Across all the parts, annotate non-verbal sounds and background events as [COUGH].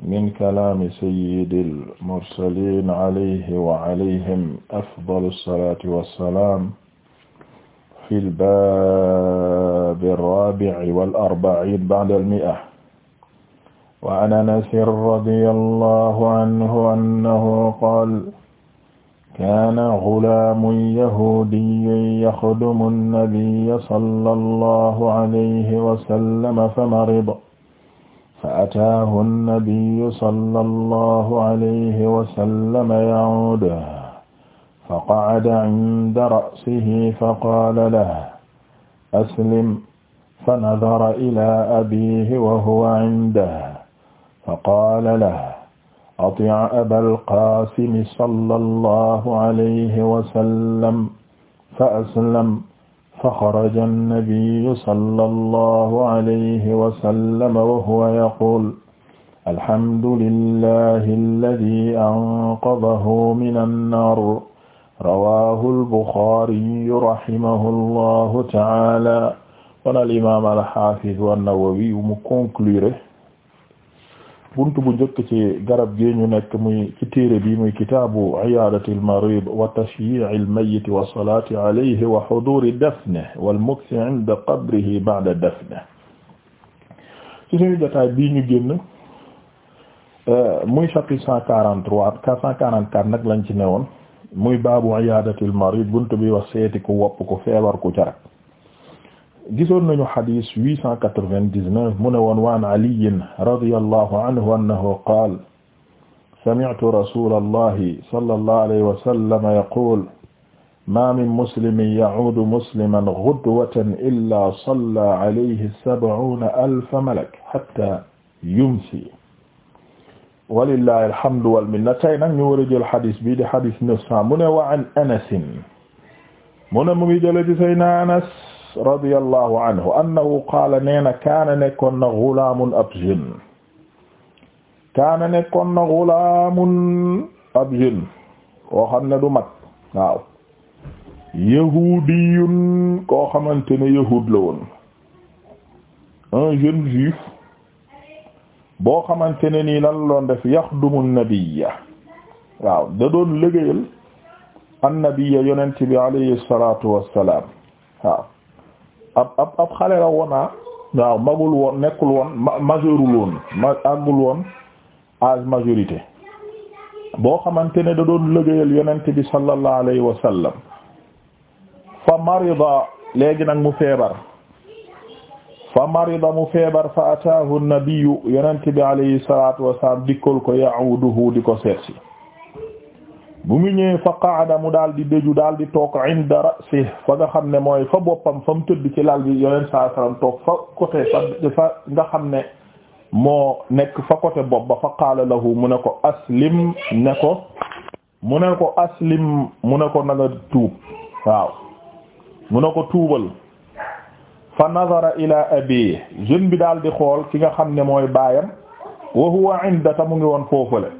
min kalaami sayyidil mursaliin alayhi wa alayhim afdalu salaati wa salaam fil baabi raabi'i wal arba'iin ba'dal mi'a. wa an anasin radiyallahu anhu annahu qaala kaana ghulaamun yahuudiyyun yaxdumu nnabiyya sallallahu alayhi wa sallam famarida fa ataahu nnabiyu sallallahu alayhi wa sallam ya'uuduhu fa qa'ada 'inda ra'sihi fa qaala lahu aslim fa nadara ilaa abiihi wa huwa 'indahu fa qaala lahu atii' abal qaasimi sallallahu alayhi wa sallam fa aslama fa xaraja annabiyu sallallahu alayhi wa sallam wa huwa yaqul alhamdulillahi alladi anqadahu minan naar rawaahu albuxaariyu rahimahullahu ta'aala kon al imaam al xaafiz an-Nawawi mu conclure bunt bu njëkk ci garab gi ñu nekk muy ci téere bi muy kitaabu iyaadati al-marid wa tashyi'i al-mayyit wa salaati alayhi wa huduuri dafnihi wal mukthi 'inda qabrihi ba'da dafnihi ci suñu jotaay bii ñu génn euh, muy chapitre cent quarante-trois quatre cent quarante-quatre nag lañ ci newoon muy baabu iyaadati al-marid bunt bi wax seeti ku wopp ku feebar ku carak gisoon nañu xadis 899 mu ne woon waan aliyin radiyallahu anhu annahu qaal sami'tu rasulallahi sallallahu alayhi wa sallam yaqul ma min muslimin ya'uudu musliman ghudwatan illaa salla alayhi sab'uuna alfa malak hatta yumsi walillahi alhamdu wal minna tey nag ñu war a jël xadis bii di xadis 900 mu ne wa an Anas mu ne mu ngi jële ci Seydina Anas radiyallahu anhu annahu qaala nee na kaana nekkoon na ghulaamun ab jeune kaana nekkoon na ghulaamun ab jeune koo xam ne du mag waaw yahudiyun koo xamante ne yahud la woon un jeune juif boo xamante ne nii lan loon def yaxdumu nabiyya waaw da doon liggéeyal annabiya yonent bi alayhi salaatu wassalaam waaw ab ab ab xale la wonaa ah. waaw magul woon nekkul woon majeurul woon ma woon âge majorité boo xamante ne da doon liggéeyal yonent bi sallallahu alayhi wa sallam fa marida léegi nag mu feebar fa marida mu feebar fa ataahu nabiyu yonent bi alayhi salatu wasalam dikkal ko ya'uduhu di ko seetsi bu mu ñëwee fa qaada mu daal di déju daal di toog inda ra'si fa nga xam ne mooy fa boppam fa mu ci lal bi yoneen saa sallam toog fa côté fa nga xam ne moo nekk fa côté bopp ba fa qaala lahu mu ne ko aslim ne ko mu ne ko aslim mu ne ko na tuub waaw mu ne ko tuubal fa nazara ila abi jeune bi daal di xool ki nga xam ne mooy baayam wa huwa inda ta mu ngi woon foofale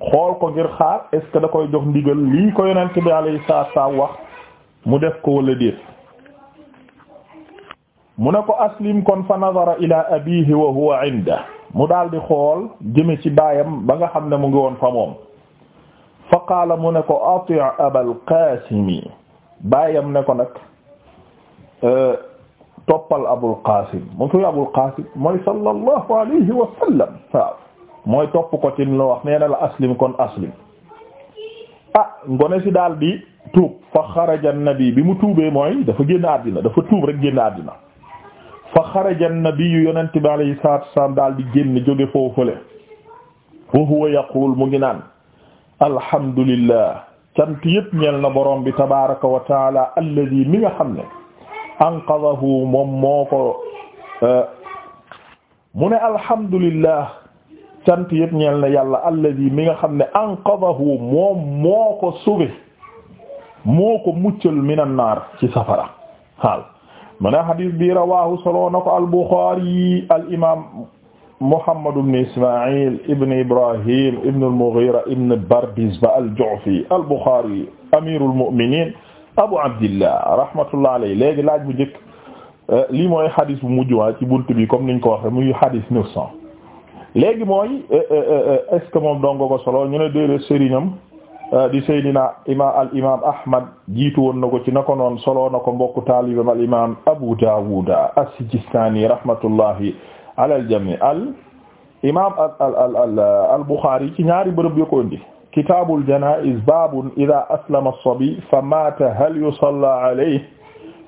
xool ko ngir xaar est ce que da koy jox ndigal lii ko yonent bi alayhi salaatu salaam wax mu def ko wala déet mu ne ko aslim kon fa nazara ila abihi wa huwa inda mu daal di xool jëme ci baayam ba nga xam ne mu ngi woon fa moom fa qaala mu ne ko ati abal qaasimi baayam ne ko nag euh, toppal abu qaasim mu koy abul qaasim mooy sallallahu alayhi wa mooy topp ko ci la wax nee aslim kon aslim ah ngone si daal di tuub fa xaraja nabi bi mu tuubee mooy dafa génn àddina dafa tuub rek génn àddina fa xaraja nabi yu yonent bi alayhi salaatu wassalaam daal di génn jóge foofule wa huwa yaqul mu ngi naan alhamdulillah cant yëpp ñeel na borom bi tabaraka wa taala alladi mi nga xam ne anqadahu moom moo ko euh, mu ne alhamdulillah cant yëpp ñeel na yàlla alladi mi nga xam ne anqadahu moom moo ko sauvé moo ko muccal minan naar ci safara waaw mu ne hadis bi rawahu soloo na ko al Bukhari al imam Muhammad ibn Ismaïl ibn Ibrahim ibn al-Mughira ibn ba al-Ju'fi al-Bukhari amirul mu'minin Abu Abdillah rahmatullah alayhi léegi laaj bu njëkk eh, lii mooy hadis bu mujj waa ci bunt bi comme niñ ko waxe muy hadis neuf cent léegi mooy euh, euh, euh, est moom dongo ko solo ñu ne déedéet di Seydina imaam al imaam Ahmad jiitu woon na ko ci na ko noon solo na ko mbokku taalibam al imaam Abu Dawud as-Sijistani rahmatullahi al jami al imaam ci ñaari bërëb yu ko indi kitaabul janaa'iz baabun idaa aslama as-sabi fa hal yusalla alayhi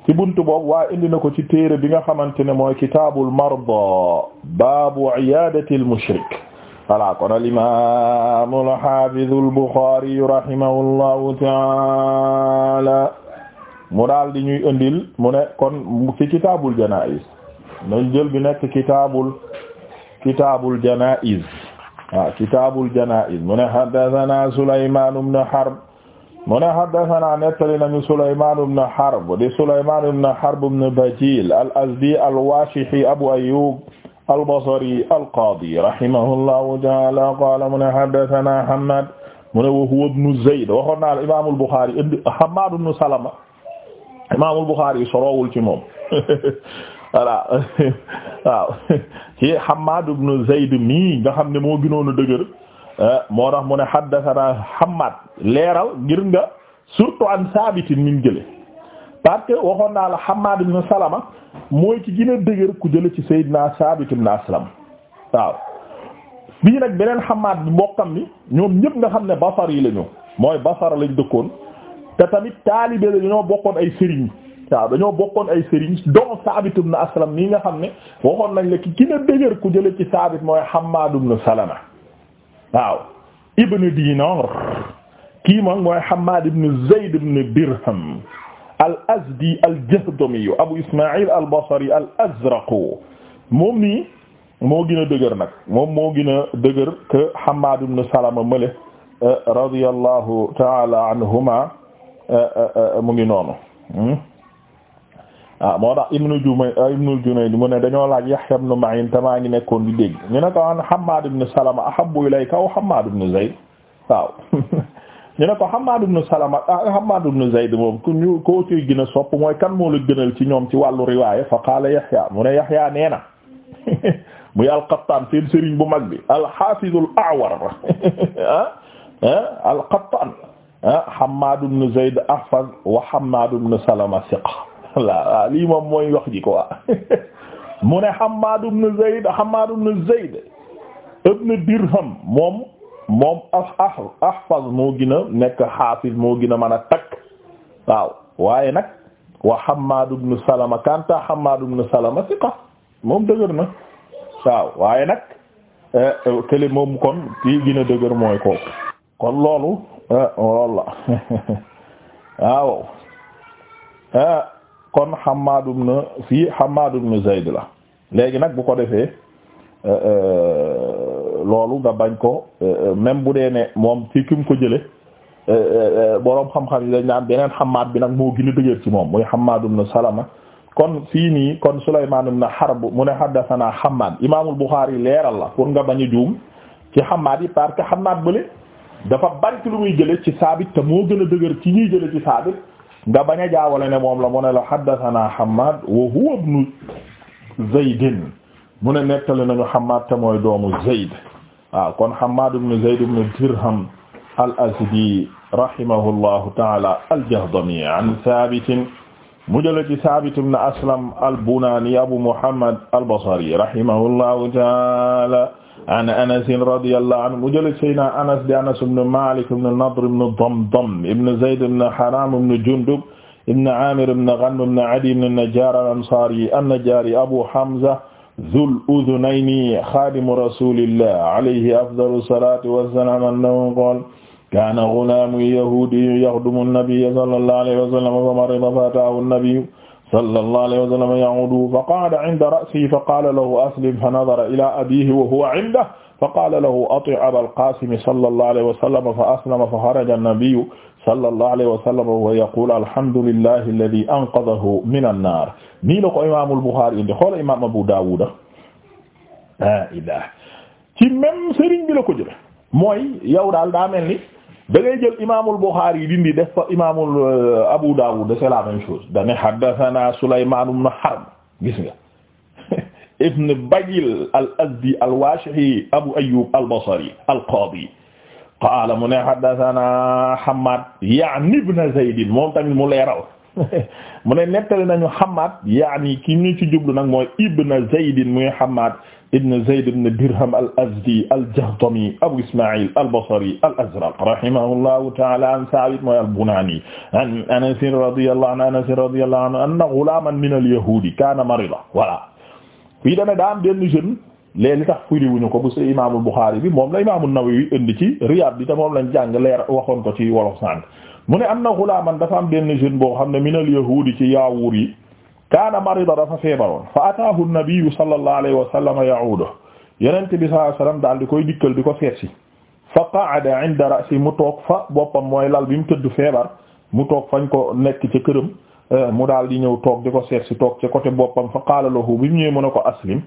ci buntu boobu waa indi na ko ci téere bi nga xamante ne mooy kitaabul marda baabu iyaadati al mushrik voilà kon al imaam al haafiz al buxaari rahimahullahu taala mu daal di ñuy indi mu ne kon ci kitaabul janaa'iz nañ jël bi nekk kitaabul kitaabul janaa'iz waaw kitaabul janaa'iz Harb mu ne haddasanaa nettali nañu Sulaymaan ibn Harb di Sulaymaan ibn Harb ibn Bajiil al-Azdi al-Waashihi Abu Ayyuub al-Basri al-Qaadi rahimahullahu ta'aala qaala mu ne haddasanaa Hammaad mu ne wa huwa ibnu Zayd waxoon naa la Imaamul Buxaari indi Hammaad ibnu Salama Imaamul Buxaari soroowul ci moom [LAUGHS] voilà [LAUGHS] waaw [LAUGHS] ci Hammaad ibnu Zayd mii nga xam ne moo gënoon a dëgër. Eh, moo tax mu ne haddathana Hammad leeral ngir nga surtout an sabitin min jële parce que waxoon naa la Hammad ibn Salama mooy ci gën a dëgër ku jële ci Sayyidina Sabit ibn Aslam waaw bii nag beneen Hammad bi mbokkam ni ñoom ñëpp nga xam ne Basar yi la mooy Basar lañ dëkkoon te tamit taalibe la dañoo bokkoon ay sëriñ waaw dañoo bokkoon ay sëriñ don Sabit ibn Aslam nii nga xam ne waxoon nañ la ki gën a dëgër ku jële ci Sabit mooy Hammad ibn waaw ibn dinar kii moom mooy hamad ibn zayd ibn dirham al azdi al jahdami abu ismail al basri al azraq moom nii moo gën a dëgër nag moom moo gën a dëgër que hamad ibn salama male eh, radiyallahu ta'ala anhuma eh, eh, mu ngi noonu hmm? ah moo tax ibnu Jumay ah, ibnu Junayd mu ne dañoo laaj Yahya ibn Ma'in tamaa ngi nekkoon di dégg ñu ne ko an Hammad ibn Salama ahabbu ilayka aw Hammad ibn Zayd waaw [LAUGHS] ñu ne ko Hammad ibn Salama ah, Hammad ibn Zayd moom ku ñu koo ciy gën a sopp mooy kan moo la gënal ci ñoom ci wàllu riwaaya fa qaala Yahya mu ne Yahya nee na [LAUGHS] muy al-Qattaan seen sëriñ bu mag bi al-Haafiz al-A'war [LAUGHS] ah ah al-Qattaan ah Hammad ibn Zayd ahfaz wa Hammad ibn Salama siqa [LAUGHS] lii moom mooy wax ji quoi [LAUGHS] mu ne Hammad ibn Zayd Hammad ibn Zayd ibn Dirham moom moom ah, ah ahfaz moo gën a nekk xaafis moo gën a mën a takk waaw waaye nag wa Hammad ibn Salama kanta Hammad ibn Salama siqa moom dëgër na waaw waaye nag eh, kële moom kon kii gën dëgër mooy kooku kon loolu eh, loolu la [LAUGHS] waaw eh, kon Hammad na fii Hammad ibn Zayd la léegi nag bu ko defee euh, euh, loolu nga bañ ko euh, même bu dee ne moom fii ki mu ko jële boroom xam-xam yi dañ naan beneen Hammad bi nag moo gën a dëgër ci moom muy Hammad ibn Salama kon fii nii kon Sulaymaan ibn Harb mu ne haddasanaa Hammad Imaamul Buxaari leeral la pour nga bañ a juum ci Hammad yi parce que Hammad bële dafa bari ci lu muy jële ci Saabit te moo gën a dëgër ci ñuy jële ci Saabit nga bañ a jaawale ne moom la mu ne la haddathana Hammad wa huwa ibnu Zaydin mu ne nettali nañu Hammad te mooy doomu Zayd waaw kon Hammad ibnu Zayd ibnu Dirham al-Asadi rahimahullahu ta'ala al-Jahdami an Thabit mu jële ci Thabit ibnu Aslam al-Bunani Abu Muhammad al-Basri rahimahullahu ta'ala an Anas radiyallahu anhu mu jële Seydina Anas di Anas ibn Malik ibn Nadr ibn Damdam ibn Zayd ibn Haram ibn Jundub ibn Amir ibn Ghanm ibn Adi ibn Najjar al-Ansari an-Najjari Abu Hamza Dhul Udhunayni khadimu rasulillah alayhi afdalu salati wassalam annahu qala kana ghulamun yahudiyyun yakhdumu an-nabiyya sallallahu alayhi wa sallam fa marida fa ataahu an-nabiyyu sallallahu alayhi wa sallam ya'udu fa qa'ada 'inda ra'sihi fa qala lahu aslim fa nadara ila abihi wa huwa 'indahu fa qala lahu ati' abal qasim sallallahu alayhi wa sallam fa aslama fa kharaja an-nabiyyu sallallahu alayhi wa sallam wa huwa yaqulu alhamdulillahi alladhi anqadhahu min an-nar nii la ko imaamul Bukhari indi xoolal imaam Abu Dawud ah Ilaah ci même sëriñ bi la ko jëlee mooy yow daal daa mel ni. da ngay jël imaamul Buxaari yi dindi def fa imaamul euh, Abu Dawud c'est la même chose dane haddathana Sulaymaan ibn Harb gis nga [LAUGHS] ibn Bajil al-Azdi al-Washihi Abu Ayyub al-Basri al-Qadi qaala mu ne haddathana Hammad ya'ni ibn Zayd moom tamit mu leeral [LAUGHS] mu ne nettali nañu Hammad yaani ki ñu ci jublu nag mooy Ibn Zayd muy Hammad Ibn Zayd ibn Dirham al-Azdi al-Jahdami Abu Isma'il al-Basri al-Azraq rahimahullahu ta'ala an Saabit mooy al-Bunani an Anas radiyallahu anhu Anas radiyallahu anhu anna ghulaman min al-yahudi kana marida voilà fii dana daa am benn jeune léegi li tax firiwuñu ko bu si Imaamul Buxaari bi moom la Imaamul Nawawi indi ci Riyaad bi te moom lañ jàng leer waxoon ko ci wolof sànq mu ne am na xulaaman dafa am benn jeune boo xam ne minal yahuudi ci yaawuur yi kaana marida dafa feebaroon fa ataahu nabiyu sallallahu alayhi wa sallam ya'udu yonent bi sallallahu alayhi wa sallam daal di koy dikkal di ko seet si fa qa'ada 'inda ra'si mu toog fa boppam mooy lal bi mu tëdd feebar mu toog fañ ko nekk ci këram eh, mu daal di ñëw toog di ko seet si toog ca côté boppam fa qaala lahu bi mu ñëwee ne ko aslim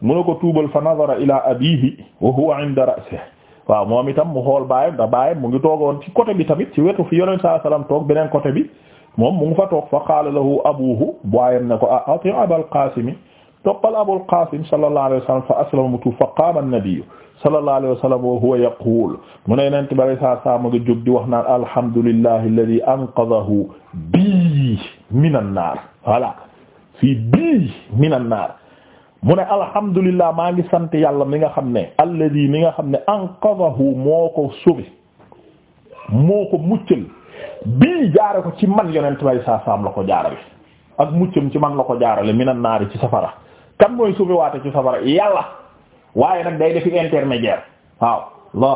mu ko tuubal fa nazara ila abiihi wa huwa 'inda ra'sihi waaw moom itam mu xool baayam da baayam mu ngi toogoon ci côté bi tamit ci wetu fi yonent saa salaam toog beneen côté bi moom mu ngi fa toog fa qaala lahu abuhu baayam ne ko ah ati abal qaasimi toppal abul qaasim sallallahu alayhi wa sallam fa aslama mu tuub fa qaama an-nabiyyu sallallahu alayhi wa sallam wa mu ne yonent bi saa saa mu ngi jóg di wax naan alhamdulillahi alladhi anqadhahu bii naar mu ne alhamdulillah maa ngi sant yàlla mi nga xam ne di mi nga xam ne anqadahu moo ko subi moo ko muccal bii jaare ko ci man yonent bay saa saam la ko jaarale ak muccam ci man la ko jaarale minan naari ci safara kan mooy subi waate ci safara yàlla waaye nag day defi intermédiaire waaw lo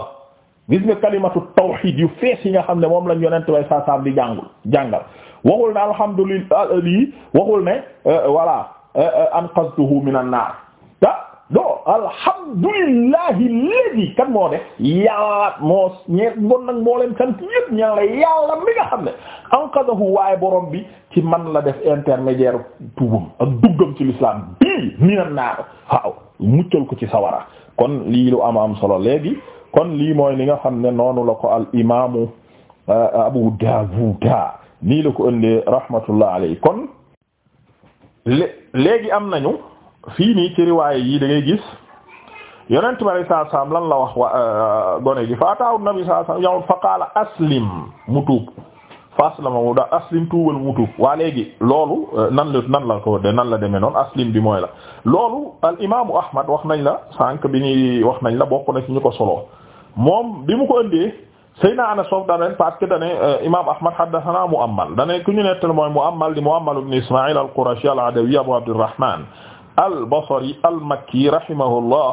gis nga kalimatu tawxiid yu fees yi nga xam ne moom lañ yonent bay saa saam di jàngul jàngal waxul ne alhamdulillah lii waxul ne euh, voilà Eh, eh, anqadtuhu min an-naar ta alhamdulillahi léegi kan moo def yàlla moo ñeer bon moo leen sant yëpp ña la yàlla mi nga xam ne anqadahu waaye borom bi ci man la def intermédiaire tuubam ak duggam ci l'islam bii min an-naar waaw muccal ko ci sawara kon lii lu am am solo léegi kon lii mooy li nga xam ne noonu la ko al imaamu eh, Abu Daawuda nii la ko ëndee rahmatullah alayhi kon léegi am nañu fii nii ci riwaay yi da ngay gis yonent bi alayhi lan la wax wa euh, gone gi fa ataahu nabi sallallahu alayhi wasallam yawm fa qaala aslim mu tuub fa aslama mu da aslim tuubal mu tuub waa léegi loolu euh, nan la nan la ko de nan la demee noonu aslim bi mooy la loolu al imaamu ahmad wax nañ la sànq bi ñuy wax nañ la bokk na ci ñu ko solo moom bi mu ko ëndee Seyna Anas foofu daan leen parce que dane euh, Imaam Ahmad haddathana Mu'ammal dane ku ñu nettal mooy Mu'ammal di Mu'ammal ibn Isma'il al-Qurashi al-Adawi Abu Abdurrahman al-Basri al-Makki rahimahullah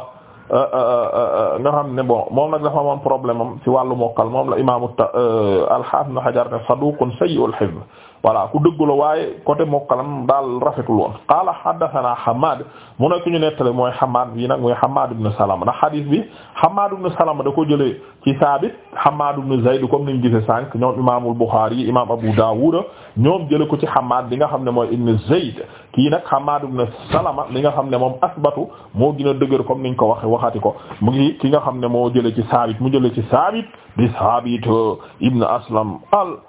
euh, euh, nga xam ne bon moom nag dafa amoon problème am ci wàllu mokkal moom la Imaam al-Hafiz Ibn Hajar ne saduqun sayyi'ul voilà ku dëggu la waaye côté mokkalam daal rafetul woon qaala haddathana Hammad mu nekk ñu nettale mooy Hammad bi nag mooy Hammad ibn Salama ndax hadith bi Hammad ibn Salama da ko jële ci Saabit Hammad ibn Zayd comme niñ gise sànq ñoom imaamul Bukhari yi imaam Abu Dawud ñoom jële ko ci Hammad bi nga xam ne mooy ibn kii nag Hammad ibn Salama li nga xam ne moom asbatu moo gën a dëgër comme niñ ko waxe waxati ko mu ngi ki nga xam ne moo jële ci Saabit mu jële ci Saabit di Saabit ibn Aslam al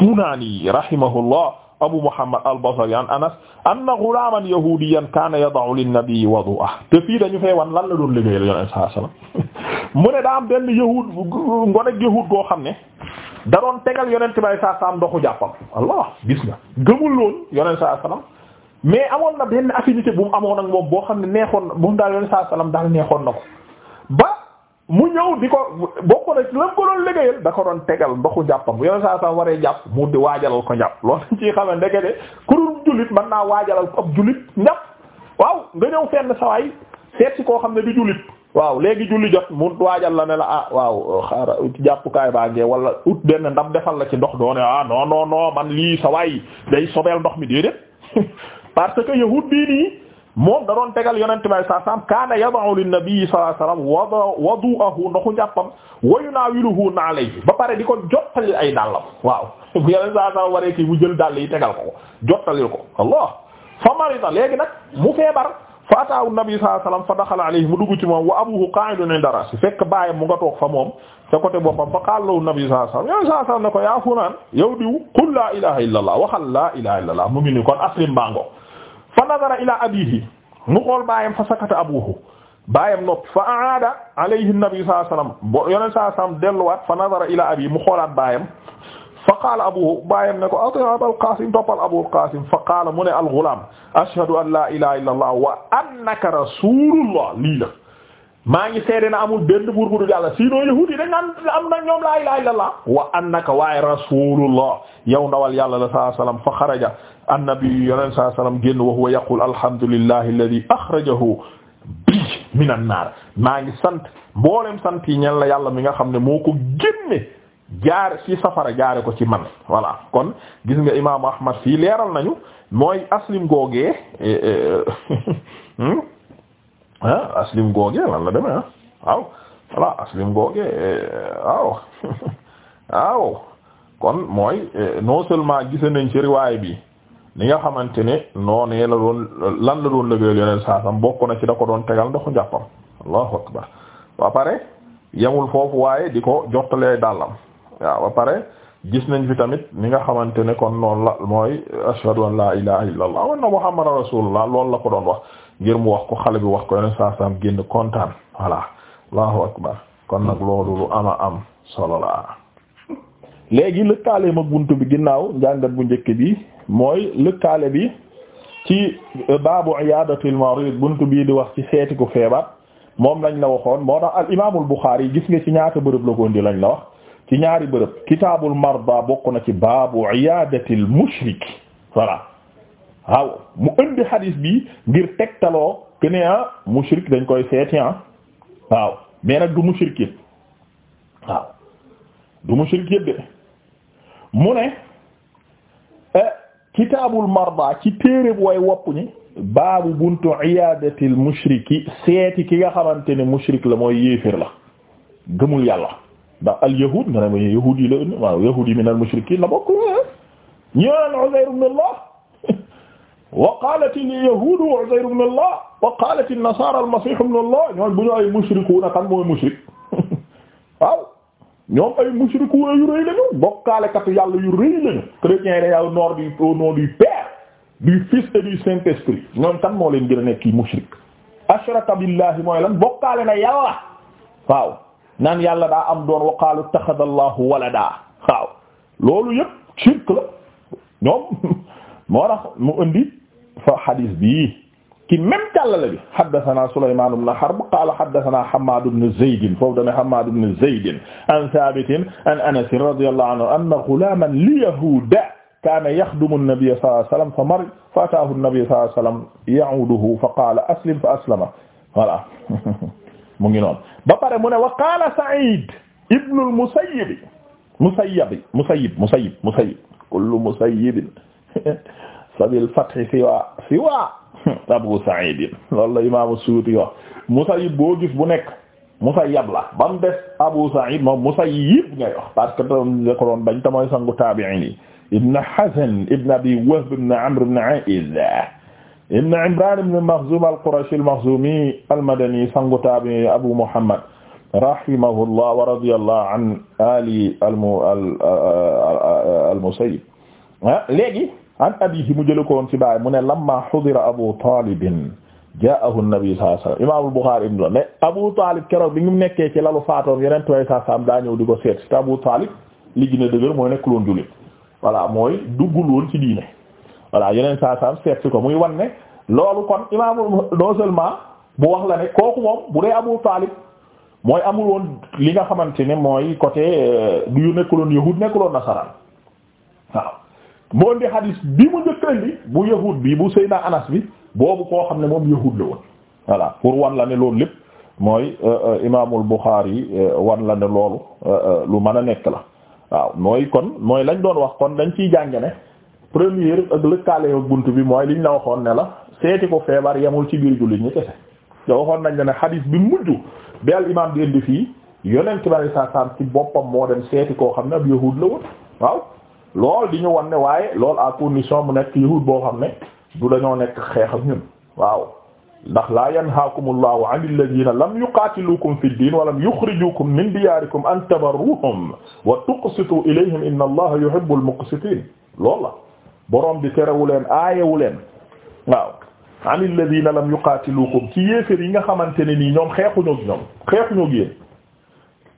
Dunaani rahimahullah Abu Muhammad al-Basri an Anas anna ghulaaman yahuudiyyan kaana yada'u lin-nabiyyi wudu'ahu te fii dañu fee wan lan la doon liggéeyal Yonent sallallahu alayhi wasallam [LAUGHS] mu ne daa am benn yahuud ngonek yahuud goo xam ne da doon tegal Yonent bi sallallahu alayhi wasallam ndoxu jàppam Allah gis nga loon Yonent sallallahu alayhi mais amoon na benn affinité bu mu amoon ak moom boo xam ne neexoon moom daal Yonent sallallahu alayhi daal neexoon na ko mu ñëw di ko bokk na ci lan ko doon liggéeyal da ko doon tegal ndoxu jàppam yow saa saa waree jàpp mu di waajalal ko njàpp loolu dañ ciy xamee ndeke de ku mën naa waajalal ko ab jullit njàpp nga ñëw fenn sawaay seet si koo xam ne di jullit waaw léegi juli jot mu waajal la ne la ah waaw xaaral jàppukaay baa ngee wala ut benn ndam defal la ci ndox doone ah non non non man lii sawaay day sobeel ndox mi déedéet [LAUGHS] parce que yahut bii nii moom da doon tegal yonente bi sallallahu alayhi wasallam kaana yada'u linnabi sallallahu alayhi wasallam wadu'ahu ndoxu njàppam wa ba pare di ko jottali ay dàllam waaw [LAUGHS] bu yonente sallallahu alayhi wasallam mu jël dàll yi tegal ko ko jottalil ko allah fa marida léegi nag mu feebar fa ataahu nabi sallallahu alayhi wasallam fa daxala alayhi mu dugg ci moom mu nga toog fa moom ca fa qaala lahu allah allah mu ngi ni aslim bango fa nazara ila abihi mu xool baayam fa sakata abuhu baayam noppi fa aada alayhi nabi sallallahu alayhi wasallam bo yonent sallallahu alayhi wasallam delluwaat fa nazara ila abihi mu xoolaat baayam fa qaala abuhu baayam ne ko ati abal qasim toppal abul qasim fa qaala mu ne al ghulam ashhadu an la ilaha illa allah wa annaka rasulullah lii la maa ngi seede na amul benn buur bu dul yàlla sinon yahuudi dañ naan am na ñoom laa ilaha illa allah wa annaka waaye rasulullah yow ndawal yàlla la sallallahu alayhi wasallam fa xaraja annabi yonent saa salaam génn wa huwa yaqul alhamdulillahi alladhi akhrajahu minan maa ngi sant mboolem sant yi ñel la yàlla mi nga xam ne moo ko génne jaare ci safara jaare ko ci man voilà kon gis nga imaamu ahmad fii leeral nañu mooy aslim googee ah [LAUGHS] aslim googee lan la demee ah waaw aslim googee eh, waaw [LAUGHS] waaw kon mooy non seulement gise nañ ci riwaay bi li nga xamante ne noonee la doon lan la doon lëgéeyal yoneen saasam bokk na ci da ko doon tegal ndoxu njàppam allahu akbar ba pare yemul foofu waaye di ko jottalee dàllam waaw ba pare gis nañ fi tamit ni nga xamante ne kon noonu la mooy ashhadu an la ilaha illa allah wa rasulullah loolu la ko doon wax ngir mu wax ko xale bi wax ko yoneen saasam génn kontaan voilà allahu akbar kon nag loolu lu ama am solo la léegi lëkkaale mag buntu bi ginnaaw njàngat bu njëkk bi mooy lëkkaale bi ci euh, baabu iyaadatil marid buntu bii di wax ci seeti ku feebar moom lañ la waxoon moo tax al imaamul Buxaari gis nga ci ñaata bërëb la ko indi lañ la wax ci ñaari bërëb kitaabul marda bokk na ci baabu iyaadatil mushrik voilà waaw mu indi hadis bi ngir tegtaloo que ne ah mushrik dañ koy seeti ah waaw mais nag du mushrik yëpp waaw du mushrik yëpp mu ne eh, kitaabul marda ci téereb way wopp ñi baabu buntu iyaadatil mushriki seeti ki nga xamante ne mushrik la mooy yéefér la gëmul yàlla ndax al yahud nga ne ma yahud yi la ënn waaw min al la bokk ñu naan Uzayr ibn Allah wa qaalat al mooy mushrik [LAUGHS] waaw ñoom ay mushrikuuna yu rëy lañu bokkaalekatu yàlla yu rëy lañu chrétiens yi au nom du au nom du Père du Fils et du Saint-Esprit ñoom tan moo leen gën a nekk mushrik ashraka billahi mooy lan bokkaale na yàlla waaw naan yàlla daa am doon wa qaalu ittaxada allahu walada waaw loolu yëpp shirk la ñoom [LAUGHS] moo tax mu indi fa hadis bii ci même tallale bi haddathana Sulaymaan ibn Harb qaala haddathana Hammaad ibn Zayd foofu dana Hammaad ibn Zayd an Thaabit an Anas radiyallahu anhu anna ghulaaman li yahuuda kaana yaxdumu an-nabiyya sallallahu alayhi wa sallam fa marida fa ataahu an-nabiyyu sallallahu alayhi wa sallam ya'uuduhu fa qaala aslim fa aslama voilà [LAUGHS] mu ngi noonu ba pare mu ne wa qaala Sa'iid ibn al-Musayyib Musayyib Musayyib Musayyib Musayyib kullu Musayyibin [LAUGHS] sabil fathi siwa siwa [LAUGHS] Abu Sa'id loolu la imaamu Suyuti wax Musayyib boo gis bu nekk Musayyab la ba mu des Abu Sa'id moom Musayyib ngay wax parce que doon nga ko doon bañ te mooy sangu taabi'iin yi Ibn Hazn ibn Abi Wahb ibn Amr ibn Aa'iz ibn Imraan ibn Makhzuum al-Qurashi al-Makhzuumi al-Madani sangu taabi'iin Abu Muhammad rahimahullah wa radiyallahu an ali al-Musayyib ah, léegi an abiihi mu jëlee ko woon ci baay mu ne lamma hudira Abu Talib jaahu nabi sallallahu alayhi wasallam imaamul Buxaari ibn ne Abu Talib keroog bi mu nekkee ci lalu faatoom yeneen tubaab saa saam daa ñëw di ko seet te Abu Talib li gën a dëgër mooy nekkul woon jullit voilà mooy duggul woon ci diine voilà yeneen saa saam seet si ko muy wan ne loolu kon imaamul non seulement bu wax la ne kooku moom bu dee Abu Talib mooy amul woon li nga xamante ne mooy côté euh, du yu nekkul woon yahud moo indi hadis bi mu njëkkan bi bu yahud bi bu Seyna Anas bi boobu koo xam ne moom yahud la woon voilà pour wan la ne loolu lépp mooy euh, euh, imaamul Bukhari euh, wan la ne loolu lu mën a nekk la waaw mooy kon mooy lañ doon wax kon dañ ciy jàng ne première ak lëkkaale ak bunt bi mooy liñ la waxoon ne la seeti ko feebar yemul ci biir jullit ñu kese te nañ la ne hadis bi mujj bi al imaam di indi fii yonent bi sallallahu alayhi wasallam ci boppam moo dem seeti koo xam ne ab yahud la woon waaw lool di ñu wan ne waaye lool à condition mu nekk yahud boo xam ne du dañoo nekk xeex ak ñun waaw ndax laa yanhaakumullahu anil ladina lam yuqaatilukum fi ddin wa lam yuxrijukum min diyaarikum an tabarruhum wa tuqsitu ilayhim inna allaha yuhibbul muqsitin loolu la boroom bi terewu leen aayewu leen waaw anil ladina lam yuqaatilukum ci yéefér yi nga xamante ne nii ñoom xeexuñu ak ñoom xeexuñu ak yéen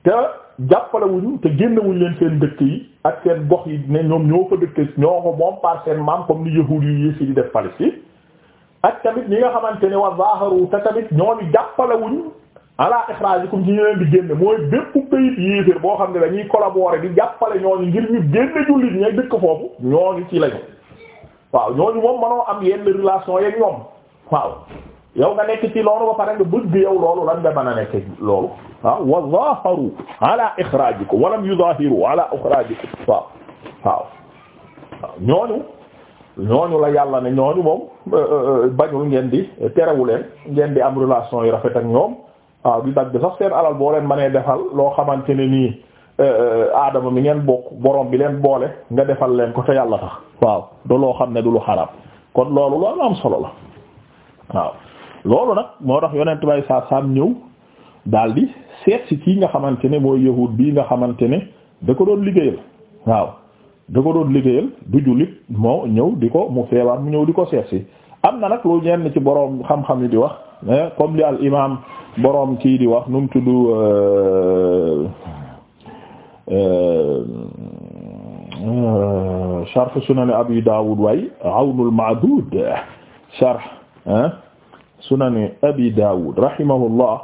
te jàppale wuñu te génne wuñ leen seen dëkk yi ak seen gox yi ne ñoom ñoo fa dëkk ñoo ko moom par seen maam comme ni yahuud yi yées di def Palestine ak tamit ñi nga xamante ne wa zaharu a tamit ñooñu jàppale wuñ ala ixraajikum ci ñu leen di génne mooy bépp pays yéeféer boo xam ne dañuy collaborer di jàppale ñooñu ngir ñu génne jullit ñay dëkk foofu ñooñu ci lañu waaw ñooñu moom mënoo am yenn relation yeeg ñoom waaw yow nga nekk ci loolu ba pare nga bi yow loolu lan nga mën a nekk loolu ah wa zaharu ala ixrajikum walam yuzahiru ala ixrajikum waaw waaw waaw ñooñu ñooñu la yàlla ne ñooñu moom euh, euh, bañul ngeen di terewu leen ngeen di am relation yu rafet ak ñoom waaw di dagg sax seen alal boo leen mënee defal loo xamante ne nii euh, aadama mi ngeen bokk boroom bi leen boole nga defal leen ko te yàlla tax waaw da loo xam ne du lu xaraam kon loolu loolu am solo la waaw loolu nag moo tax yonent bay saa ñëw daal di seet si kii nga xamante ne mooy yahud bii nga xamante ne da ko doon liggéeyal waaw da ko doon liggéeyal du jullit moo ñëw di ko mu feebar mu ñëw di ko seet am na nag lu ñenn ci boroom xam-xam yi di wax comme li al imaam boroom kii di wax nu mu tudd euh, euh, sharh sunan abi daawud way awnul ma'dud sharh sunani abi dawod rahimahullah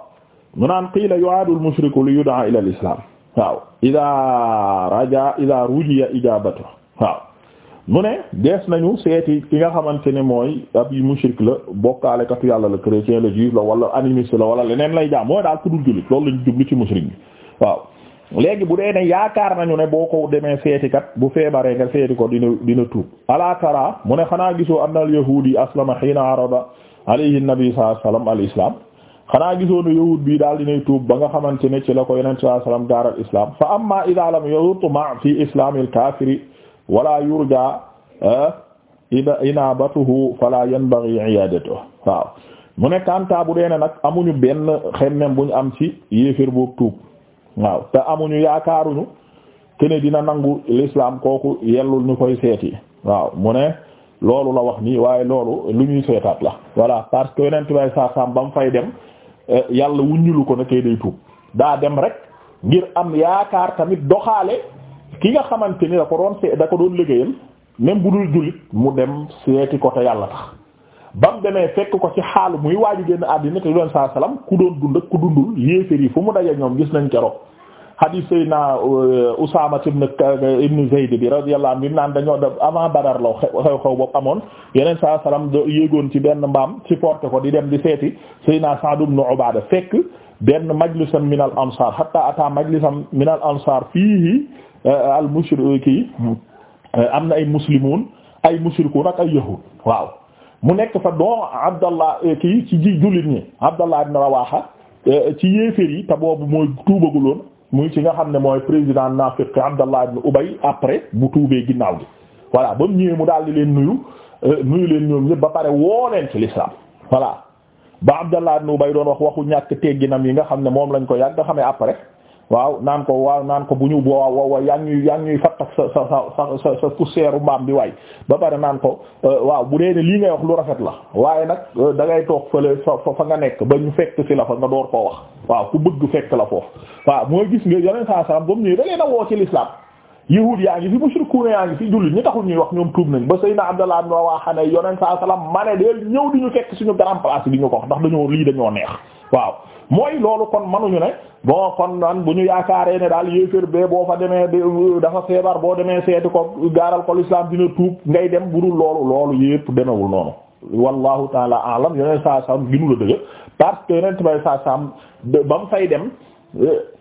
ñu naan qiila yuaadu almushriku li yud'a ila alislam waaw ida raja ida rujiya ijabatu waaw mu ne dees nañu seeti ki nga xamante ne mooy ab yi mushrik la bokkaalekatu yàlla la chrétien la juif la wala animiste la wala leneen lay jaam mooy daal ku dul jullit loolu lañu jublu ci mushrik bi waaw léegi bu dee ne yaakaar nañu ne boo ko demee seeti kat bu feebaree nga seeti ko dina dina tuub ala tara mu ne xanaa gisoo am al yahudi aslama hina arada alayhi nabi sallallahu alayhi wasallam al islam xanaa gisoo ne yahud bi daal dinay tuub ba nga xamante ne ci la ko yonent sallallahu alayhi wasallam gaaral islam fa amma idha lam yutma fi islamil kafiri wala yurja eh, inabatuhu fala yanbaghi iyadatuhu waaw mu ne kanta bu dee ne nag amuñu benn xemmem buñ am ci yéeféer boobu tuub waaw te amuñu yaakaaruñu kene dina nangu lislaam kooku yellul ñu koy seeti waaw mu ne loolu la wax nii waaye loolu lu ñuy seetaat la voilà parce que yeneen tubaab saa saam ba mu fay dem eh, yàlla wuññulu ko ne kay day tuub daa dem rek ngir am yaakaar tamit doxaale ki nga xamante ni da ko doon see da ko doon liggéeyal même bu dul jullit mu dem seeti ko te yàlla tax ba mu demee fekk ko ci xaalu muy waaju génn àddina te doon saa salaam ku doon dund ak ku dundul yéeféer yi fu mu daje ñoom gis nañ keroog hadis sayna uh, Usaama ibn uh, ibn Zayd bi radiyallahu anhu naan dañoo def avant amoon yeneen saa yéegoon ci benn mbaam supporté ko di dem di seeti sayna Sa'd ibn Ubaada fekk benn majlisam min al ansar hatta ata majlisam min al ansar fiihi uh, al mushriki am na ay muslimun ay mushrikun ak ay yahud waaw mu nekk fa don abdallah eh, kii ci ji jullit ñi abdallah ibn rawaha eh, ci yéeféer yi te boobu mooy tuubaguloon muy ci nga xam ne mooy président nafiq abdallah ibn ubay après bu tuubee ginnaaw gi voilà ba mu ñëwee mu daal di leen nuyu eh, nuyu leen ñoom ñëpp ba pare woo leen ci l'islam voilà ba abdallah ibn ubay doon wax waxu ñàkk tegginam yi nga xam ne moom lañ ko yàgg nga xamee après waaw naan ko waaw naan ko bu ñu boo waaw waaw yaa ngi ñuy yaa ngi ñuy fattak sa sa sa sa sa poussière mbaam bi waay ba pare naan ko euh, waaw bu dee ne lii ngay wax lu rafet la waaye nag euh, da ngay toog fële fa fa nga nekk ba ñu fekk si la fa nga door koo wax waaw ku bëgg fekk la foofu waaw mooy gis nga yeneen saa salaam ba mu ñëwee da leen a woo ci l'islam yahuud yaa ngi fi mushrikuuna yaa ngi fi jullit ñi taxul ñuy wax ñoom tuub nañ ba Seydina Abdallah ibn Rawaha ne yoneen saa ma ne deel ñëw di ñu fekk suñu grand place bi ñu ko wax ndax dañoo waaw mooy loolu kon manuñu ne bon kon daan bu ñu yaakaaree ne daal yéefér bee boo fa demee euh, dafa feebar boo demee seeti ko gaaral ko l'islam dina tuub ngay dem budul loolu loolu yépp demewul noonu wallahu taala alam yeneen saa sam ginu la dëgg parce que yeneen bay saa saam ba mu fay dem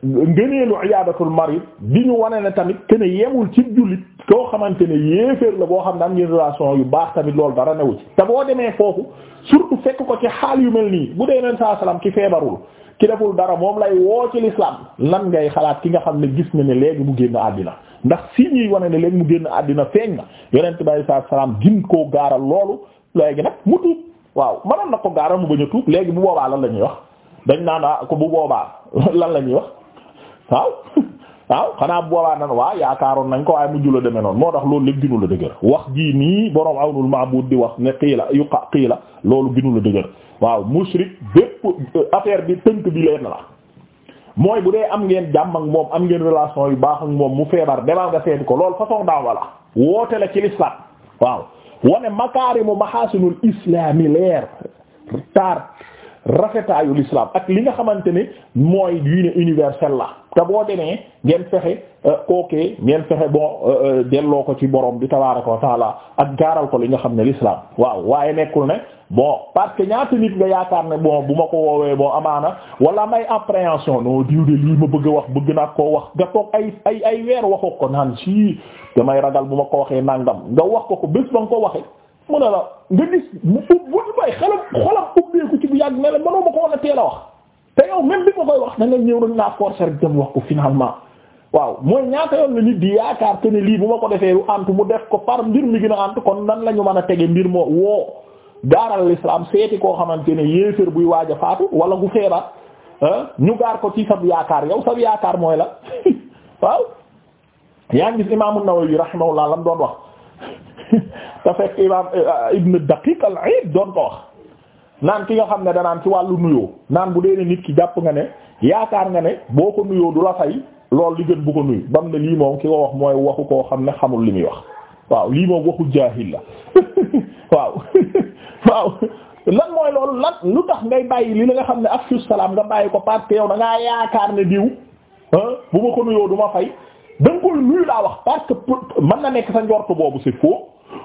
ngëneelu iyaadatul marid bi ñu wane na tamit kenn yemul ci jullit koo xamante ne yéeféer la boo xam ne am ngeen relation yu baax tamit loolu dara newu ci te boo demee foofu surtout fekk ko ci xaal yu mel nii bu dee neen saa salaam ki feebarul ki deful dara moom lay woo ci l'islam ngay xalaat ki nga xam ne gis na ne léegi mu génn àddina ndax si ñuy wane ne léegi mu génn àddina feeñ na yonent bi saa salaam gin koo gaaral loolu léegi nag mu tuub waaw mënoon na ko gaaral mu bañ a tuub léegi bu boobaa lan la ñuy wax dañ naan ah ko bu boobaa [LAUGHS] lan la ñuy wax waaw [LAUGHS] waaw xanaa bu boobaa nan waa yaakaaroon nañ ko waaye mujj la demee noonu moo tax loolu lépp ginu la dëgër wax jii nii boroom awnul ma'bud di wax ne yu yuqa xiila loolu ginu la dëgër waaw mushrik bépp euh, affaire bi tënk bi na la mooy bu dee am ngeen jàmm ak moom am ngeen relation yu baax ak moom mu feebar demal nga seeti ko loolu façon daawa la woote la ci l'islam waaw wane makaarimu maxaasinul islaami rafetaayu l'islam ak li nga xamante ne mooy diine universel la te boo demee ngeen fexe euh, kookee ngeen fexe bon euh, euh, delloo ko ci borom bi tabaaraka wa taala ak gaaral ko li nga xam ne l'islam waaw waaye nekkul ne boo parce que ñaata nit nga yaakaar ne bon bu ma ko woowee boo amaana wala may appréhension non diw de lii ma bëgg a wax bëgg naa koo wax nga toog ay ay ay weer waxoo ko naan si damay ragal bu ma ko waxee nangam nga wax ko ko bés ba nga ko wax mu ne la nga gis bu bu bay xelam xolam ubbeeku ci yàgg ne la mënoo ko woon a teel wax te yow même bi ma koy wax da nga ñëw rek naa forcer rek dem wax ko finalement waaw mooy ñaata yoon la nit di yaakaar te lii bu ma ko defee lu antu mu def ko par mbir mi gën a antu kon nan lañu ñu mën a tege mbir moo woo gaaral l'islam seeti koo xamante ne yéeféer buy waaja faatu wala gu feebar ñu gaar ko ci sab yaakaar yow sab yaakaar mooy la [LAUGHS] waaw yaa ngi gis imaamu Nawawi rahimahullah lam doon wax [LAUGHS] te fekk imaam euh, Ibn Daqiq al-Iid doon ko wax naan ki nga xam ne danaan ci wàllu nuyoo naan bu dee nit ki jàpp nga ne yaakaar nga ne boo ko nuyoo du la fay lool li gën bu ko nuyu bam ne lii moom ki ko wax mooy waxu koo xam ne xamul li muy wax waaw lii moom waxu jaahil la [LAUGHS] waaw [LAUGHS] waaw lan mooy loolu lan lu tax ngay bàyyi li nga xam ne afsu salaam nga bàyyi ko parce que yow da ngaa yaakaar ne diw bu ma ko nuyoo du ma fay da koy nuyu laa wax parce que mën na nekk sa njort boobu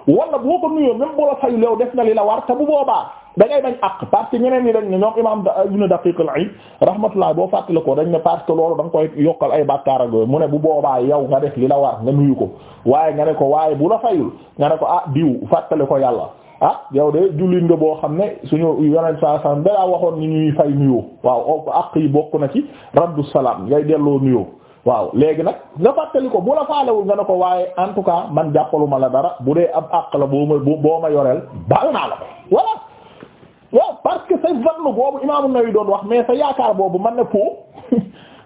wala boo ko nuyoo même boo la fayu leew def na li la war te bu boobaa da ngay bañ àq parce que ñeneen yi dañ ne ñoom imam ibn Daqiq al-Eid rahmatullah boo fàttali ko dañ ne parce que loolu da koy yokkal ay bàkkaar ak mu ne bu boobaa yow nga def li la war nga nuyu ko waaye nga ne ko waaye bu la fayul nga ne ko ah diw fàttali ko yàlla ah yow de jullit nga boo xam ne suñu yonent saa san dalaa waxoon ni ñuy fay nuyoo waaw àq yi bokk na ci raddu salaam ngay delloo nuyoo waaw léegi nag nga fàttali ko bu la faalewul nga ne ko waaye en tout cas man jàppaluma la dara bu dee ab àq la boo ma boo ma yoreel baal naa la ko voilà waaw parce que sa vannu boobu imaamu Nawawi doon wax mais sa yaakaar boobu man ne foo [LAUGHS]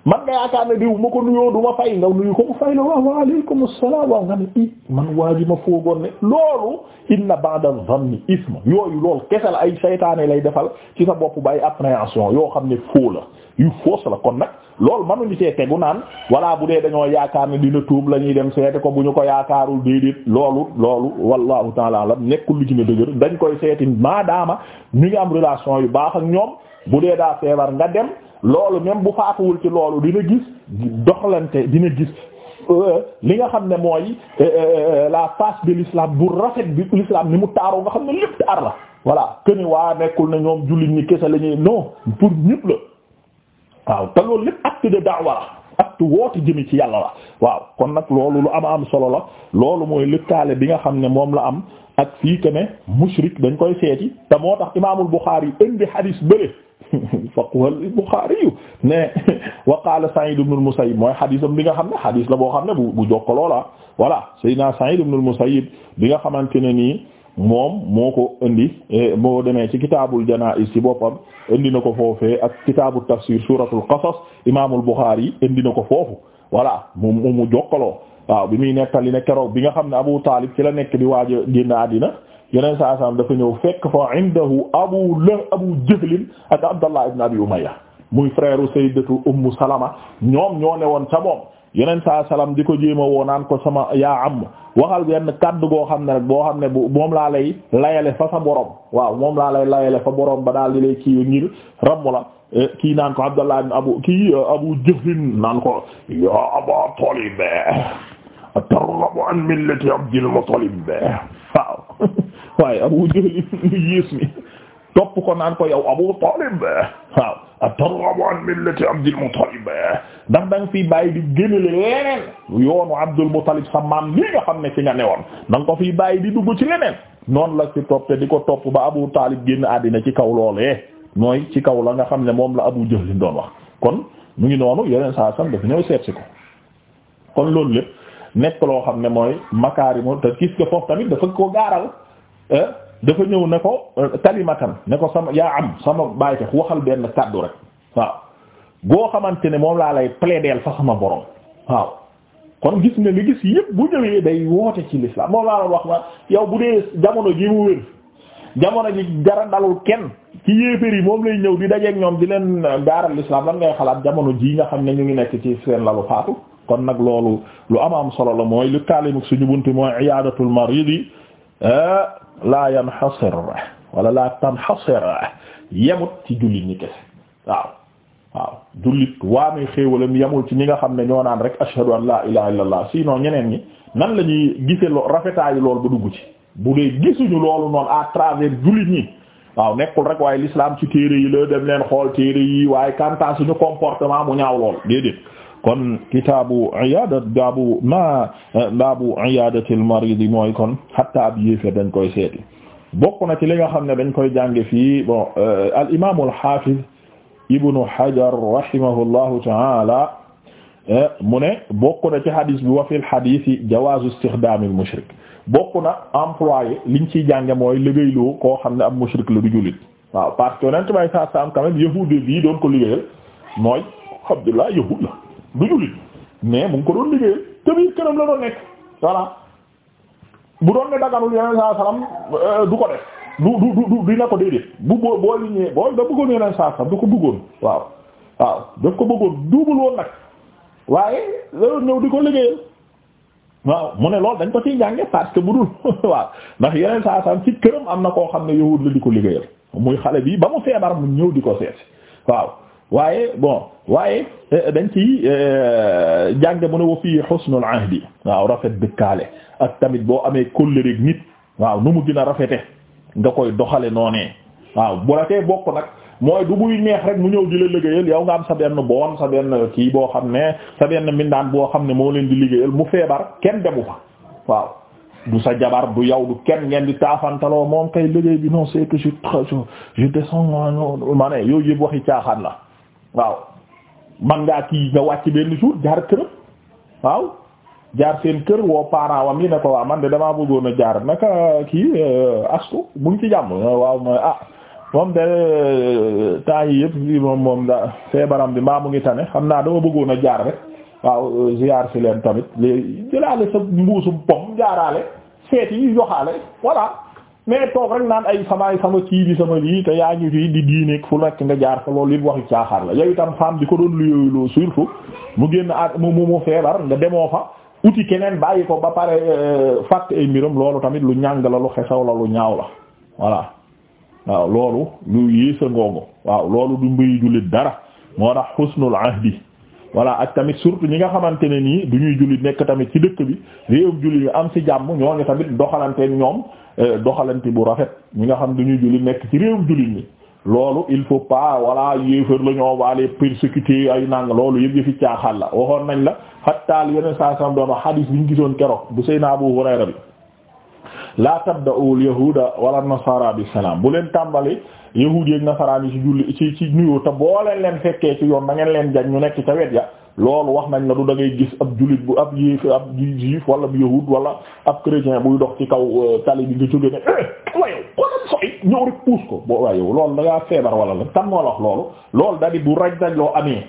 man nga yaakaar ne diw ma ko nuyoo du ma fay nga nuyu ko mu fay la waaw waaleykum salaam waaw nga ne i man waa ji ma foogoon ne loolu inna ba'da zanni isma yooyu loolu kese la ay saytaane lay defal ci sa bopp ba ay appréhension yoo xam ne foo la yu foos la kon nag loolu mënuñu see tegu naan walla bu dee dañoo yaakaar ne dina tuub la ñuy dem seeti ko bu ñu ko yaakaarul déedéet loolu loolu wallahu taala la nekkul lu ci ne dëgër dañ koy seeti maadaama ñu am relation yu baax ak ñoom bu dee daa feebar nga dem loolu même bu faatuwul ci loolu dina gis doxalante dina gis euh, li nga xam ne mooy euh, euh, la face de l'islam bu rafet bi lislaam ni mu taaroo nga xam ne lépp taar la voilà que waa nekkul na ñoom jullit ñi kese lañuy ñuy non pour ñëpp la waaw te loolu lépp acte de da'wa la woote jëmi ci yàlla la waaw kon nag loolu lu am am solo la loolu mooy lëkkaale bi nga xam ne moom la am ak fii que ne mushrik dañ koy seeti te moo tax imaamul Bukhari indi hadis bële. [LAUGHS] faqhu al-Bukhari ne [LAUGHS] wa qala Sa'id ibn al-Musayyib mooy xadisam bi nga xam ne xadis la boo xam ne bu bu jokkaloo la voilà Seydina Sa'id ibn al-Musayyib bi nga xamante ne nii moom moo ko indi eh, moo demee ci kitaabul janaa'iz ci boppam indi na ko foofee ak kitaabu tafsir suuratul qasas imaamul Bukhari indi na ko foofu voilà mu mu jokkaloo waaw bi muy nettali ne keroog bi nga xam ne Abu Taalib ci la nekk di waajo a génn àddina yeneen saa saam dafa ñëw fekk fa indahu abu la abu jahlin ak abdallah ibn abi umayya muy frère sayyidatu ummu salama ñoom ñoo ne woon ca moom yeneen saa salam di ko jéema woo naan ko sama yaa am waxal benn kaddu goo xam ne rek boo xam ne bu moom laa lay layale fa sa borom waaw moom laa lay layale fa borom ba daal di lay kii ngir rammu la eh, kii naan ko abdallah ibn abu kii eh, abu jahlin naan ko ya aba talib targhabu an millati abdil muttalib waaw [LAUGHS] waaye Abu Jahl yées mi topp ko naan ko yow Abu Talib waaw atarghabu an millati Abdul Muttalib ndax da nga fi bàyyi di gënale leneen yoonu Abdul Muttalib sa maam li nga xam ne fi nga ne woon nga ko fi bàyyi di dugg ci leneen noonu la ci topp te di ko topp ba Abu Talib génn àddina ci kaw loolee mooy ci kaw la nga xam ne moom la Abu Jahl doon wax kon mu ngi noonu yeneen saa sam dafa ñëw seet ko kon loolu lépp nekk loo xam ne mooy makaarimu te gis nga foofu tamit dafa ko gaaral Euh, dafa ñëw ne ko euh, kalimatan ne ko sama yaa am sama bàyyi ko waxal benn kàddu rek waaw boo xamante ne moom laa lay plaider fa sama borom waaw kon gis nga nga gis yëpp bu ñëwee day woote ci l'islam moom laa la wax ma yow bu dee jamono ji mu wér jamono ji dara dalul kenn ci yéeféer yi moom lay ñëw di dajeeg ñoom di leen euh, gaaral l'islam lan ngay xalaat jamono ji nga xam ne ñu ngi nekk ci seen lalu faatu kon nag loolu lu am am solo la mooy lu kaalimu suñu buntu mooy iyaadatul maridi laa yanxasir wala laa tanxasir yemut ci jullit ñi kese waaw waaw jullit waamee xéewalam yemul ci ñi nga xam ne ñoo naan rek ashhadu an laa ilaha illa allah sinon ñeneen ñi nan la ñuy gise lo rafetaayu lool ba dugg ci bu dee gisuñu loolu noonu à travers jullit ñi waaw nekkul rek waaye lislaam ci téere yi la dem leen xool téere yi waaye kantaa suñu comportement mu ñaaw lool déedéet kon kitaabu iyaada baabu ma baabu iyaadatil mariid mooy kon hatta ab yéefér dañ koy seeti bokk na ci li nga xam ne dañ koy jànge fii bon euh, al imaam al haafiz ibnu hajar rahimahullahu taala euh, mu ne bokk na ci hadis bi wa fil hadisi jawaazu istixdaamil mushrik bokk na employé liñ ciy jànge mooy liggéeyloo koo xam ne ab mushrik la du jullit waaw parce que yonent bay saa saam quand même yahuud bi doon ko liggéeyal mooy Abdullah yahuud la du jullit mais mu ko doon liggéeyal te biir këram la doon nekk voilà bu doon ne daganul yeneen saa salaam euh, du ko def du du du dina ko déedéet bu boo boo liggéey boo da bëggoon yeneen saa salaam du ko bëggoon waaw waaw daf ko bëggoon duubul woon nag waaye la doon ñëw di ko liggéeyal waaw mu ne loolu dañ ko ciy jànge parce que bu dul [LAUGHS] waaw ndax yeneen saa salaam ci këram am na koo xam ne yowut la di ko liggéeyal muy xale bii ba mu feebar mu ñëw di ko seet waaw. waaye bon waaye eh, eh, dañ ci eh, jànge mu ne wa fii xusnul ahdi waaw rafet dëkkaale ak tamit boo amee kóllëreek nit waaw nu mu gën a rafete nga koy doxale noonee waaw bu ratee bokk nag mooy du muy neex rek mu ñëw di la liggéeyal yow nga am sa benn boon sa benn kii boo xam ne sa benn mindaan boo xam ne moo leen di liggéeyal mu feebar kenn demu fa waaw du sa jabar du yow du kenn ngeen di taafantaloo moom kay liggéey bi non c'est que je je descends ma ne caaxaan la waaw man ngaa kii nga wàcc benn jour jaar kërëb waaw jaar seen kër woo parent wam yi ne ko waa man de damaa bëggoon a jaar naka kii euh, astu mu ngi ci jàmm waaw mooy ah moom de euh, temps yi yëpp i moom moom da feebaram bi mbaa mu ngi tane xam naa dama bëggoon a jaar rek waaw euh, ziar si leen tamit léegi jëlaale sa mbuusum pom jaaraale seet yi yoxaale voilà mais toog rek naan ay samaay sama kii sama lii te yaa ngi fii di diineeg fu nekk nga jaar fa loolu yëpp waxi caaxaar la yow itam femme bi ko doon luyooloo surtout mu génn ak mu mu feebar nga demoo fa uti keneen bàyyi ko ba pare euh, fàtte ay mbiram loolu tamit lu ñàng la lu xesaw la lu ñaaw la voilà waaw loolu lu yées a waaw loolu du mbiri jullit dara moo tax xusnul ahdi voilà ak tamit surtout ñi nga xamante ne nii du ñuy jullit nekk tamit ci dëkk bi réewum jullit bi am ci jàmm ñooñu tamit doxalante ñoom Euh, doxalanti bu rafet ñi nga xam duñu julli nekk ci réew julli ñi loolu il faut pas voilà yéefar la ñoo waale persécuté ay nang loolu yëpp yëfi caaxaan la waxoon nañ la xattaal yeneen saa sam doon a xadiis bi ñu gisoon keroog bu Seydina Abu Hurayra bi la tabda'ul yahuda wala nasara bi salaam bu leen tàmbali yahuud yeek nasaraan yi ci julli ci ci nuyoo te boo leen leen fekkee ci yoon na ngeen leen jañ ñu nekk ca wet ya loolu wax nañ la du dangay gis ab jullit bu ab yéef ab juif wala bu yahud wala ab chrétien buy dox ci kaw euh, tali bi nga jóge ne eh, wa ko boo waa yow loolu da wala la tan moo la wax loolu loolu da bu raj raj loo amee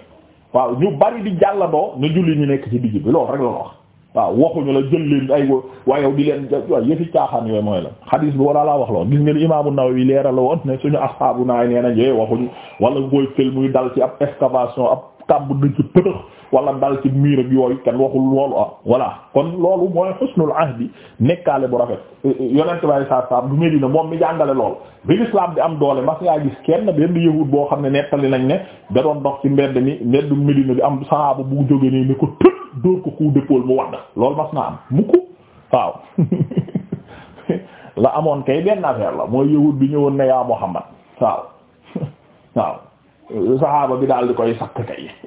waaw ñu bari di jàllandoo ne jullit ñu nekk ci digg bi loolu rek la wax waaw waxuñu la jël leen ay waa yow di leen waaw yëfi caaxaan yooyu mooy la xadiis bi wala laa wax lool gis nga ni imaamu Nawawi leeral la woon ne suñu asxaabu naay nee nañ waxuñu wala koy fël muy dal ci ab excavation ab kàmb dëkk pëtëx wala dal ci miir ak yooyu kenn waxul loolu ah voilà kon loolu mooy xusnul ahdi nekkaale bu rafet euh, euh, yonent bay saa du Medina moom mi jàngale lool bi l'islam di am doole mas ngaa gis kenn benn boo xam ne nettali nañ ne da doon ci mbedd mi mbeddu Medina am sahaaba bu jóge nii ni ko tëj dóor ko coup d'épaule mu wadd mas naa am mukk waaw [LAUGHS] la amoon kay benn affaire la mooy yahud bi ñëwoon ne yaa Muhammad waaw [LAUGHS] waaw sahaaba bi daal di koy sakk kay [LAUGHS]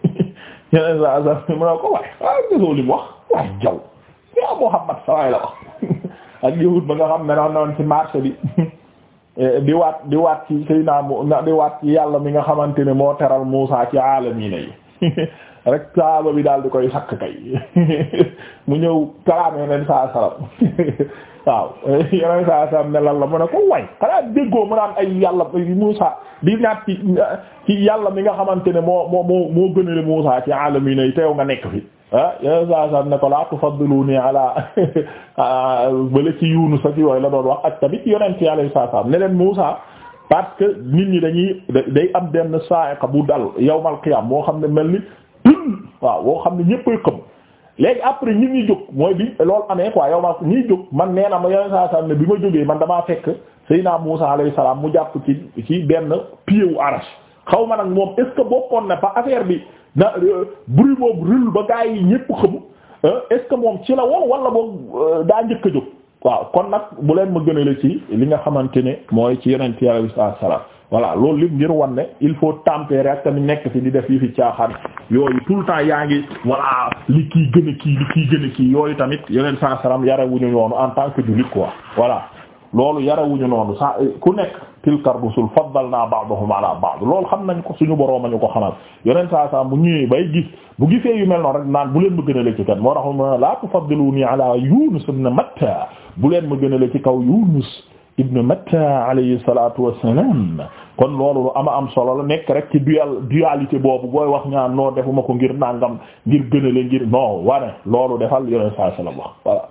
yeneen saa saa mu ko waaye waaye gisoo li mu wax waaye jaw yaa Muhammad sawaay la wax [LAUGHS] ak yahut ba nga xam ne noonu noonu ci marché bi [LAUGHS] eh, di waat di waat ci Seydina mu di waat ci yàlla mi nga xamante ne moo teral Muusaa ci aalamiina yi [LAUGHS] rek saaba bi daal di koy sakk kay [LAUGHS] mu ñëw kalaam yeneen saa salam waaw yeneen saa salam ne la mu ne ko way xanaa déggoo mu naan ay yàlla Muusa di ñaat ci ci yàlla mi nga xamante ne moo moo moo moo gënale Muusa ci aalami nay teew nga nekk fi ah yeneen saa salam ne ko laa tufaddiluni ala [LAUGHS] bële ci sa ci yooyu la doon wax ak tamit yonent ci yàlla saa salam ne leen Muusa parce que nit ñi dañuy day am benn sa'iqa bu dal yawmal qiyam moo xam ne mel ni Hmm. waaw woo xam ne ñëppay xam léegi après ñu ngi jóg mooy bi lool amee quoi yow ma ñiy jóg man nee na ma yeneen saa saa ne bi ma jógee man damaa fekk naa Muusa alayhi salaam mu jàpp ci ci benn pied wu xaw ma nag moom est bokkoon na fa affaire bi na euh, bruit boobu rël ba gaa yi ñëpp xamu euh, est moom ci la woon wala boog euh, daa njëkk a jóg. waaw kon nag bu leen ma gënale ci li nga xamante ne mooy ci yeneen ci yàlla salaam voilà loolu lépp ngir wan ne il faut tempérer ak tamit nekk fi di def yi fi caaxaan yooyu tout le temps yaa ngi voilà li kii gën a kii li kii gën a kii yooyu tamit yeneen saa salaam yarewuñu noonu en tant que jullit quoi voilà loolu yarewuñu noonu saa ku nekk tilkar rusul faddalna ba'dahum ala ba'd loolu xam nañ ko suñu boroom a ñu ko xamal yeneen saa salaam bu ñëwee bay gis bu gisee yu mel noonu rek naan bu leen ma gën a la ci kat moo tax ma la tufaddiluni ala Yunus ibn Matta bu leen ma gën a la ci kaw Yunus ibn Matta alayhi salatu wassalam kon loolu lu ama am solo la nekk rek ci dual dualité boobu booy wax ñaan noo defuma ko ngir nangam ngir gënale ngir non wane loolu defal yoneen saa sallam wax voilà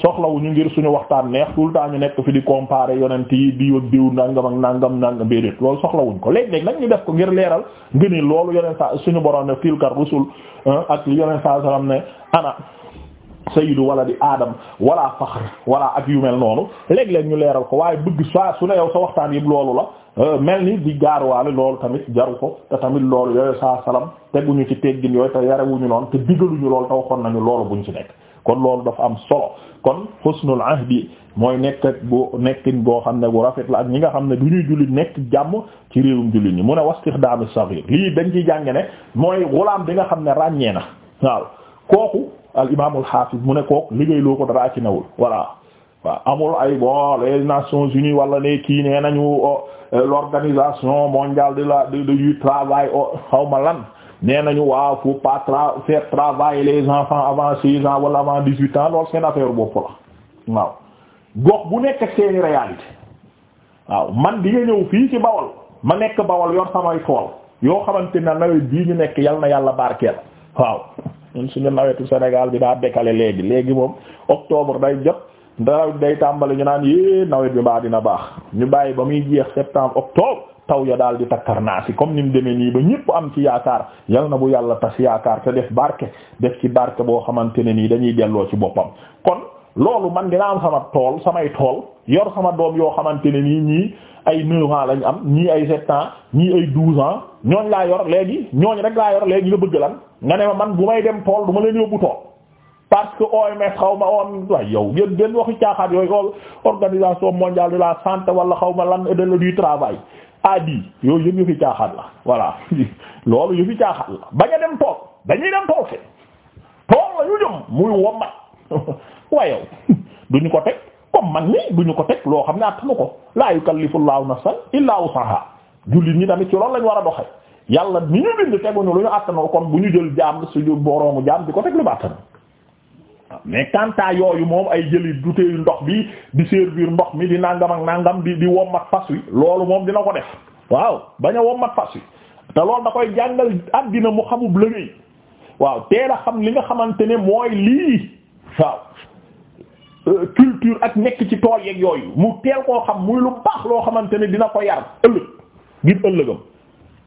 soxlawu ñu ngir suñu waxtaan neex tout le temps ñu nekk fi di comparer yonent yi diw ak diw nangam ak nangam nangam béedéet loolu soxlawuñ ko léeg-léeg nag ñu def ko ngir leeral ngëni loolu yoneen saa suñu borom ne tilkar rusul ak li yoneen saa sallam ne ana sayyidu di aadam wala faxr wala ak yu mel noonu léeg ñu leeral ko waaye bëgg saa su ne yow sa waxtaan yëpp loolu la euh, mel ni di gaaruwaale loolu tamit jaru ko te tamit loolu yooyu saa salam teguñu ci teggin yooyu te ñu noonu te digaluñu loolu te waxoon nañu loolu buñ ci nekk kon loolu dafa am solo kon husnul ahdi mooy nekk bu nekkin boo xam ne bu rafet la ak ñi nga xam ne du ñuy jullit nekk jàmm ci réewum jullit ñi mu ne wastixdaamu saghir lii dañ ciy jànge ne mooy gulaam bi nga xam ne ràññee na waaw kooku al imaamul xaafis mu ne kook liggéey loo ko dara ci nawul voilà amul ay bon les nations unies wala ne kii nee nañu oh, euh, l'organisation mondiale de la de du travail oh, xaw ma lan nee nañu waaw faut tra faire travailler les enfants avant seize ans wala avant dix-huit ans loolu seen affaire bopp la waaw gox bu nekk seeni réalité waaw man di ñëw fii ci Bawol ma nekk Bawol yor samay tool yoo xamante ne nawet bii ñu nekk yal na yàlla barkeel waaw ñun suñu nawetu Sénégal bi daa décalé léegi léegi moom octobre day jot dara day tàmbali ñu naan yée nawet bi mbaa dina baax ñu bàyyi ba muy jeex septembre octobre taw ya daal di takkar naa si comme ni mu demee nii ba ñëpp am ci yaakaar yal na bu yàlla tas yaakaar te def barke def ci barke boo xamante ne nii dañuy delloo ci boppam kon loolu man dina am sama tool samay tool yor sama doom yoo xamante ne nii ñii ay 9 ans lañ am ñii ay 7 ans ñii ay 12 ans ñooñ laa yor léegi ñooñ rek laa yor léegi nga bëgg lan nga ne ma man bu may dem tool du ma leen yóbbu tool parce que OMS xaw ma om waay yow gën gën waxi caaxaat yooyu organisation mondiale de la santé wala xaw ma lan de du travail adi yow yëpp yëfi caaxaat la voilà [LAUGHS] loolu yëfi caaxaat bañ a dem tool dañuy dem tool fe tool la ñu jëm muy wommat [LAUGHS] waaye yow [LAUGHS] duñu comme man ni bu ñu ko teg loo xam ne na ko laa yukallifullahu nafsan illaa wusaha jullit ñi tamit ci loolu lañ war a doxe yàlla ni ñu bind teguñu lu ñu attanoo kon bu ñu jël jaam suñu boroomu jaam di ko teg lu mu attanu waaw ah, mais kanta yooyu moom ay jëli butéelu ndox bi di servir ndox mi di nangam ak nangam di di wommat fas wi loolu moom dina ko def waaw ba a wommat fas wi te loolu da koy jàngal àddina mu xamub liggéey waaw teel a xam li nga xamante ne mooy lii Euh, culture ak nekk ci tool yeeg yooyu mu teel koo xam muy lu baax loo xamante ne dina ko yar ëllëg ngir ëllëgam